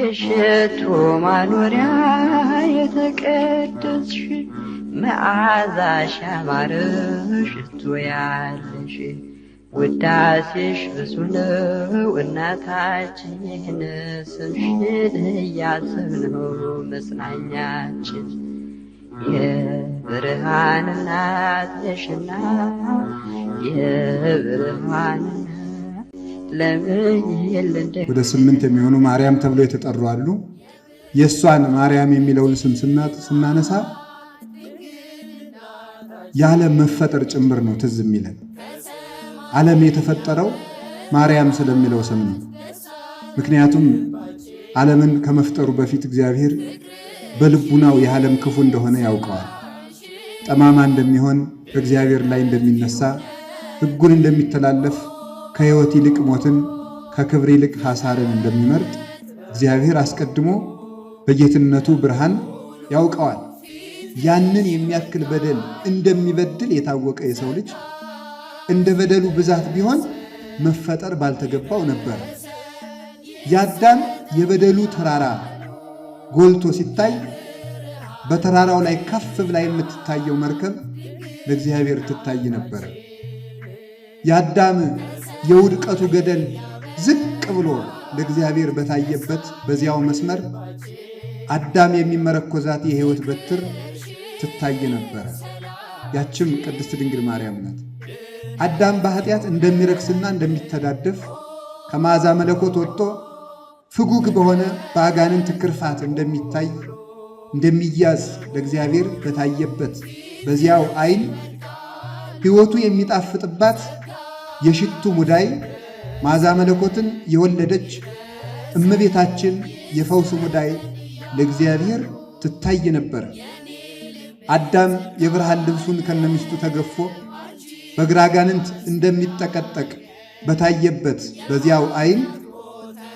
የሸቱ ማኖሪያ የተቀደስሽ መዓዛሽ ያማረ ሽቱ ያለሽ ውዳሴሽ ብዙ ነው እናታችን፣ ይህን ስምሽን እያሰብነው መጽናኛችን። የብርሃን እናት ነሽና የብርሃን ወደ ስምንት የሚሆኑ ማርያም ተብሎ የተጠሩ አሉ። የእሷን ማርያም የሚለውን ስም ስናነሳ ያለ መፈጠር ጭምር ነው ትዝ የሚለን። ዓለም የተፈጠረው ማርያም ስለሚለው ስም ነው። ምክንያቱም ዓለምን ከመፍጠሩ በፊት እግዚአብሔር በልቡናው የዓለም ክፉ እንደሆነ ያውቀዋል። ጠማማ እንደሚሆን፣ በእግዚአብሔር ላይ እንደሚነሳ፣ ሕጉን እንደሚተላለፍ ከሕይወት ይልቅ ሞትን ከክብር ይልቅ ሐሳርን እንደሚመርጥ እግዚአብሔር አስቀድሞ በጌትነቱ ብርሃን ያውቀዋል። ያንን የሚያክል በደል እንደሚበድል የታወቀ የሰው ልጅ እንደ በደሉ ብዛት ቢሆን መፈጠር ባልተገባው ነበር። የአዳም የበደሉ ተራራ ጎልቶ ሲታይ በተራራው ላይ ከፍ ብላ የምትታየው መርከብ ለእግዚአብሔር ትታይ ነበር። የአዳም የውድቀቱ ገደል ዝቅ ብሎ ለእግዚአብሔር በታየበት በዚያው መስመር አዳም የሚመረኮዛት የሕይወት በትር ትታይ ነበረ። ያችም ቅድስት ድንግል ማርያም ናት። አዳም በኃጢአት እንደሚረክስና እንደሚተዳደፍ ከመዓዛ መለኮት ወጥቶ ፍጉግ በሆነ በአጋንንት ክርፋት እንደሚታይ እንደሚያዝ ለእግዚአብሔር በታየበት በዚያው ዓይን ሕይወቱ የሚጣፍጥባት የሽቱ ሙዳይ ማዛ መለኮትን የወለደች እመቤታችን የፈውስ ሙዳይ ለእግዚአብሔር ትታይ ነበር። አዳም የብርሃን ልብሱን ከነሚስቱ ተገፎ በግራ እንደሚጠቀጠቅ በታየበት በዚያው አይን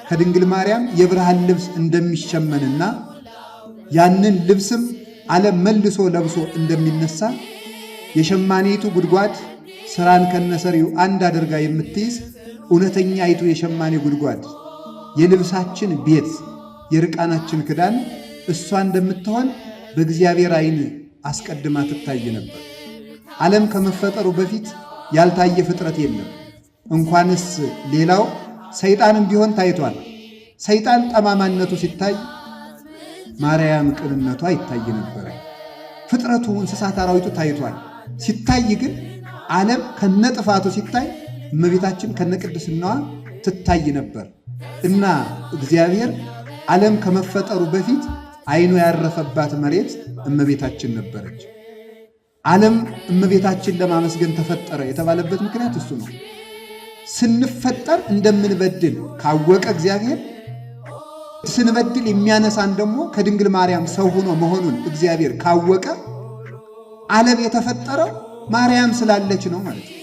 ከድንግል ማርያም የብርሃን ልብስ እንደሚሸመንና ያንን ልብስም ዓለም መልሶ ለብሶ እንደሚነሳ የሸማኔቱ ጉድጓድ ስራን ከነሰሪው አንድ አድርጋ የምትይዝ እውነተኛ አይቱ የሸማኔ ጉድጓድ የልብሳችን ቤት የርቃናችን ክዳን እሷ እንደምትሆን በእግዚአብሔር አይን አስቀድማ ትታይ ነበር። ዓለም ከመፈጠሩ በፊት ያልታየ ፍጥረት የለም። እንኳንስ ሌላው ሰይጣንም ቢሆን ታይቷል። ሰይጣን ጠማማነቱ ሲታይ ማርያም ቅንነቷ ይታይ ነበረ። ፍጥረቱ እንስሳት፣ አራዊቱ ታይቷል። ሲታይ ግን ዓለም ከነጥፋቱ ሲታይ እመቤታችን ከነቅድስናዋ ትታይ ነበር እና እግዚአብሔር ዓለም ከመፈጠሩ በፊት አይኑ ያረፈባት መሬት እመቤታችን ነበረች። ዓለም እመቤታችን ለማመስገን ተፈጠረ የተባለበት ምክንያት እሱ ነው። ስንፈጠር እንደምንበድል ካወቀ እግዚአብሔር ስንበድል የሚያነሳን ደግሞ ከድንግል ማርያም ሰው ሆኖ መሆኑን እግዚአብሔር ካወቀ ዓለም የተፈጠረው ማርያም ስላለች ነው ማለት ነው።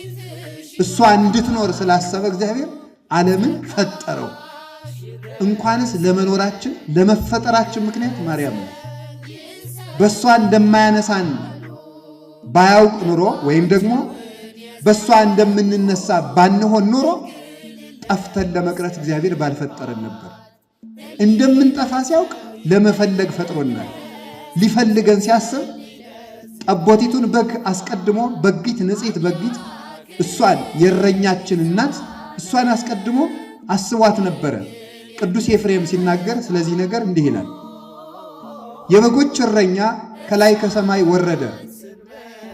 እሷ እንድትኖር ስላሰበ እግዚአብሔር ዓለምን ፈጠረው። እንኳንስ ለመኖራችን ለመፈጠራችን ምክንያት ማርያም ነው። በእሷ እንደማያነሳን ባያውቅ ኑሮ ወይም ደግሞ በእሷ እንደምንነሳ ባንሆን ኑሮ ጠፍተን ለመቅረት እግዚአብሔር ባልፈጠረን ነበር። እንደምንጠፋ ሲያውቅ ለመፈለግ ፈጥሮናል። ሊፈልገን ሲያስብ ጠቦቲቱን በግ አስቀድሞ በጊት ንጽሕት በጊት እሷን የእረኛችን እናት እሷን አስቀድሞ አስቧት ነበረ። ቅዱስ ኤፍሬም ሲናገር ስለዚህ ነገር እንዲህ ይላል። የበጎች እረኛ ከላይ ከሰማይ ወረደ፣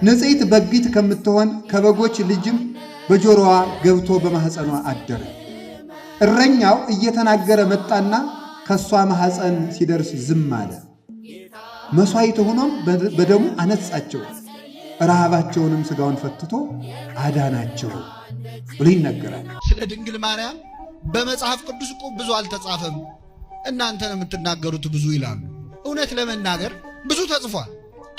ንጽሕት በጊት ከምትሆን ከበጎች ልጅም በጆሮዋ ገብቶ በማኅፀኗ አደረ። እረኛው እየተናገረ መጣና ከእሷ ማኅፀን ሲደርስ ዝም አለ። መሥዋዕት ሆኖም በደሙ አነጻቸው፣ ረሃባቸውንም ሥጋውን ፈትቶ አዳናቸው ብሎ ይነገራል። ስለ ድንግል ማርያም በመጽሐፍ ቅዱስ እኮ ብዙ አልተጻፈም፣ እናንተ ነው የምትናገሩት ብዙ ይላሉ። እውነት ለመናገር ብዙ ተጽፏል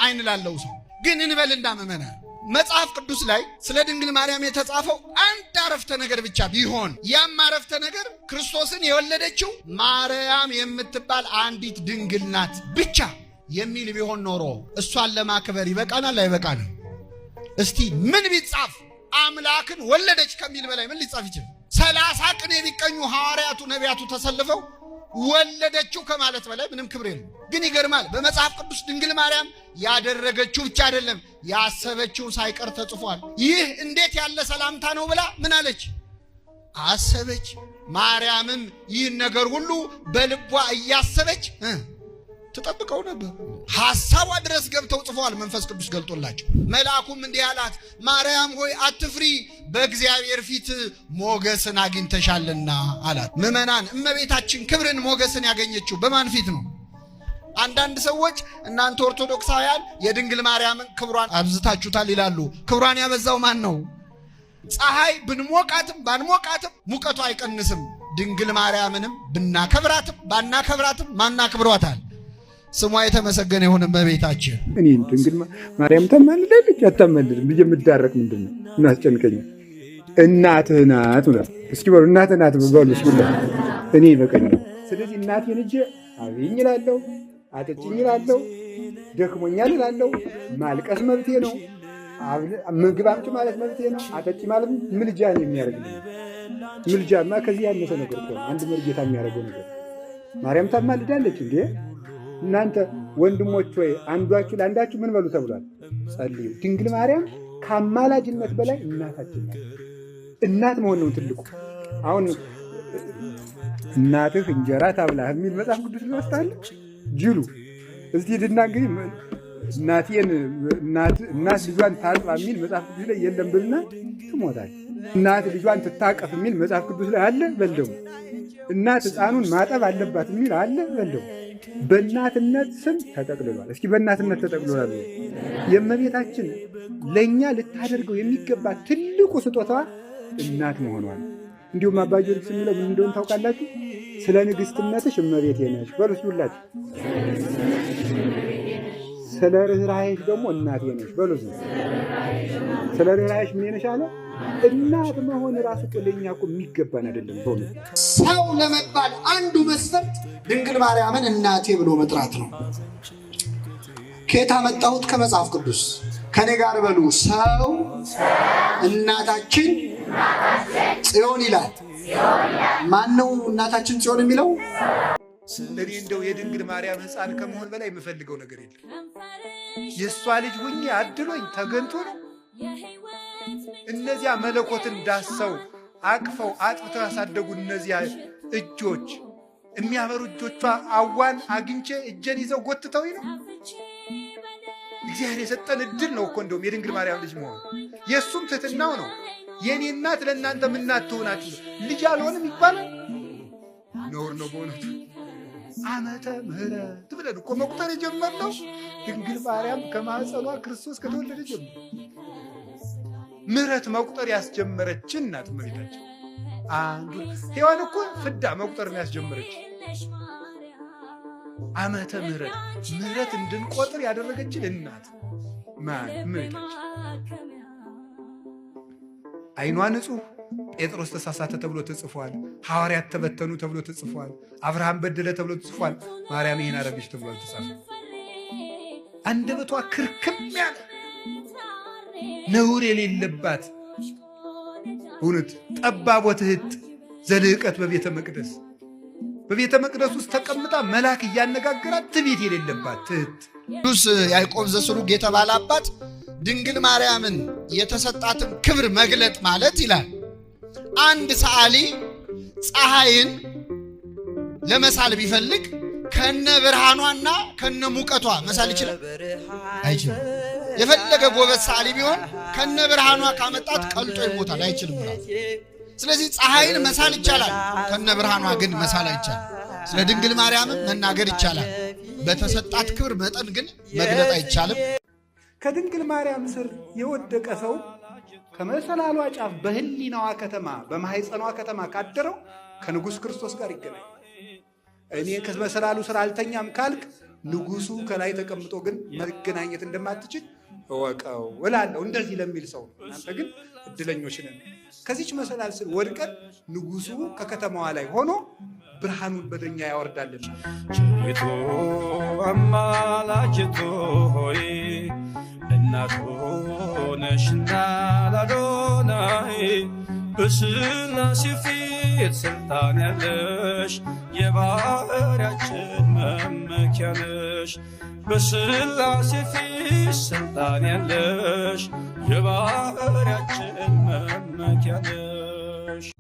አይን ላለው ሰው ግን እንበል ምእመናን መጽሐፍ ቅዱስ ላይ ስለ ድንግል ማርያም የተጻፈው አንድ አረፍተ ነገር ብቻ ቢሆን ያም አረፍተ ነገር ክርስቶስን የወለደችው ማርያም የምትባል አንዲት ድንግል ናት ብቻ የሚል ቢሆን ኖሮ እሷን ለማክበር ይበቃናል አይበቃንም? እስቲ ምን ቢጻፍ አምላክን ወለደች ከሚል በላይ ምን ሊጻፍ ይችላል? ሰላሳ ቀን የሚቀኙ ሐዋርያቱ ነቢያቱ ተሰልፈው ወለደችው ከማለት በላይ ምንም ክብር የለም። ግን ይገርማል። በመጽሐፍ ቅዱስ ድንግል ማርያም ያደረገችው ብቻ አይደለም ያሰበችው ሳይቀር ተጽፏል። ይህ እንዴት ያለ ሰላምታ ነው ብላ ምን አለች? አሰበች። ማርያምም ይህን ነገር ሁሉ በልቧ እያሰበች ትጠብቀው ነበር። ሐሳቧ ድረስ ገብተው ጽፈዋል። መንፈስ ቅዱስ ገልጦላቸው መልአኩም እንዲህ አላት፣ ማርያም ሆይ አትፍሪ፣ በእግዚአብሔር ፊት ሞገስን አግኝተሻልና አላት። ምዕመናን፣ እመቤታችን ክብርን ሞገስን ያገኘችው በማን ፊት ነው? አንዳንድ ሰዎች እናንተ ኦርቶዶክሳውያን የድንግል ማርያምን ክብሯን አብዝታችሁታል ይላሉ። ክብሯን ያበዛው ማን ነው? ፀሐይ ብንሞቃትም ባንሞቃትም ሙቀቷ አይቀንስም። ድንግል ማርያምንም ብናከብራትም ባናከብራትም ማናክብሯታል ስሟ የተመሰገነ የሆነ በቤታችን እኔ ድንግል ማርያም ታማልዳለች አታማልድም ብዬ የምዳረቅ ምንድን ነው? ምን እናትህ ናት ብላ እስኪ በሉ እናትህ ናት በሉ ስላ እኔ ይበቀኛል። ስለዚህ እናቴን እጄ አብኝ እላለሁ፣ አጥጭኝ እላለሁ፣ ደክሞኛል እላለሁ። ማልቀስ መብቴ ነው። ምግብ አምጭ ማለት መብቴ ነው። አጠጭ ማለት ምልጃ ነው የሚያደርግልኝ። ምልጃማ ከዚህ ያነሰ ነገር አንድ መርጌታ የሚያደርገው ነገር ማርያም ታማልዳለች እንዴ እናንተ ወንድሞች ወይ አንዷችሁ ለአንዳችሁ ምን በሉ ተብሏል? ጸልዩ። ድንግል ማርያም ከአማላጅነት በላይ እናታችን ናት። እናት መሆን ነው ትልቁ። አሁን እናትህ እንጀራ ታብላህ የሚል መጽሐፍ ቅዱስ ይመስታለች ጅሉ። እስቲ ድና እንግዲህ እናቴን እናት ልጇን ታጥባ የሚል መጽሐፍ ቅዱስ ላይ የለም ብልና ትሞታል። እናት ልጇን ትታቀፍ የሚል መጽሐፍ ቅዱስ ላይ አለ በል ደግሞ እናት ሕፃኑን ማጠብ አለባት የሚል አለ በል ደግሞ በእናትነት ስም ተጠቅልሏል። እስኪ በእናትነት ተጠቅልሏል። የእመቤታችን ለእኛ ልታደርገው የሚገባ ትልቁ ስጦታ እናት መሆኗል። እንዲሁም አባ ጊዮርጊስ የሚለው ምን እንደሆነ ታውቃላችሁ? ስለ ንግሥትነትሽ እመቤቴ ነሽ በሉስሉላችሁ፣ ስለ ርኅራሄሽ ደግሞ እናቴ ነሽ በሉስ። ስለ ርኅራሄሽ ምን ነሽ አለ እናት መሆን ራሱ ለእኛ እኮ የሚገባን አይደለም። በሆነ ሰው ለመባል አንዱ መስፈርት ድንግል ማርያምን እናቴ ብሎ መጥራት ነው። ከየት አመጣሁት? ከመጽሐፍ ቅዱስ። ከኔ ጋር በሉ ሰው እናታችን ጽዮን ይላል። ማን ነው እናታችን ጽዮን የሚለው? እኔ እንደው የድንግል ማርያም ሕፃን ከመሆን በላይ የምፈልገው ነገር የለም። የእሷ ልጅ ሁኜ አድሎኝ ተገንቶ ነው እነዚያ መለኮትን ዳሰው አቅፈው አጥብተው ያሳደጉ እነዚያ እጆች የሚያበሩ እጆቿ አዋን አግኝቼ እጄን ይዘው ጎትተው ነው። እግዚአብሔር የሰጠን እድል ነው እኮ እንደውም የድንግል ማርያም ልጅ መሆኑ የእሱም ትህትናው ነው። የእኔ እናት ለእናንተ ምናት ትሆናችሁ ልጅ አልሆንም ይባላል። ነውር ነው በእውነቱ። ዓመተ ምሕረት ብለን እኮ መቁጠር የጀመርነው ድንግል ማርያም ከማኅፀኗ ክርስቶስ ከተወለደ ጀምሮ ምሕረት መቁጠር ያስጀመረችን እናት እመቤታችን። አንዱ ሔዋን እኮ ፍዳ መቁጠር ያስጀመረች። ዓመተ ምሕረት ምሕረት እንድንቆጥር ያደረገችን እናት ማን? እመቤታችን። ዓይኗ ጴጥሮስ ተሳሳተ ተብሎ ተጽፏል። ሐዋርያት ተበተኑ ተብሎ ተጽፏል። አብርሃም በደለ ተብሎ ተጽፏል። ማርያም ይህን አረገች ተብሎ አልተጻፈም። አንደበቷ ክርክም ያለ ነውር የሌለባት እውነት ጠባቦት እህት ዘልዕቀት በቤተ መቅደስ በቤተ መቅደስ ውስጥ ተቀምጣ መልአክ እያነጋገራት ትዕቢት የሌለባት ትህት ቅዱስ ያዕቆብ ዘስሩግ የተባለ አባት ድንግል ማርያምን የተሰጣትን ክብር መግለጥ ማለት ይላል አንድ ሰዓሊ ፀሐይን ለመሳል ቢፈልግ ከነ ብርሃኗና ከነ ሙቀቷ መሳል ይችላል አይችልም። የፈለገ ጎበዝ ሰዓሊ ቢሆን ከነ ብርሃኗ ካመጣት ቀልጦ ይሞታል፣ አይችልም። ስለዚህ ፀሐይን መሳል ይቻላል፣ ከነ ብርሃኗ ግን መሳል አይቻልም። ስለ ድንግል ማርያምም መናገር ይቻላል፣ በተሰጣት ክብር መጠን ግን መግለጥ አይቻልም። ከድንግል ማርያም ስር የወደቀ ሰው ከመሰላሏ ጫፍ በህሊናዋ ከተማ በማህፀኗ ከተማ ካደረው ከንጉሥ ክርስቶስ ጋር ይገናኛል። እኔ ከመሰላሉ ስር አልተኛም ካልክ ንጉሱ ከላይ ተቀምጦ ግን መገናኘት እንደማትችል እወቀው እላለሁ። እንደዚህ ለሚል ሰው እናንተ ግን እድለኞች ነን። ከዚች መሰላል ስር ወድቀን ንጉሱ ከከተማዋ ላይ ሆኖ ብርሃኑን በደኛ ያወርዳልን። ቸሪቱ አማላጅቱ ሆይ እናት ሆነሽና ላዶናይ በስላሴ ፊት ስልጣን ያለሽ የባህሪያችን መመኪያ ነሽ። በስላሴ ፊት ስልጣን ያለሽ የባህሪያችን መመኪያ ነሽ።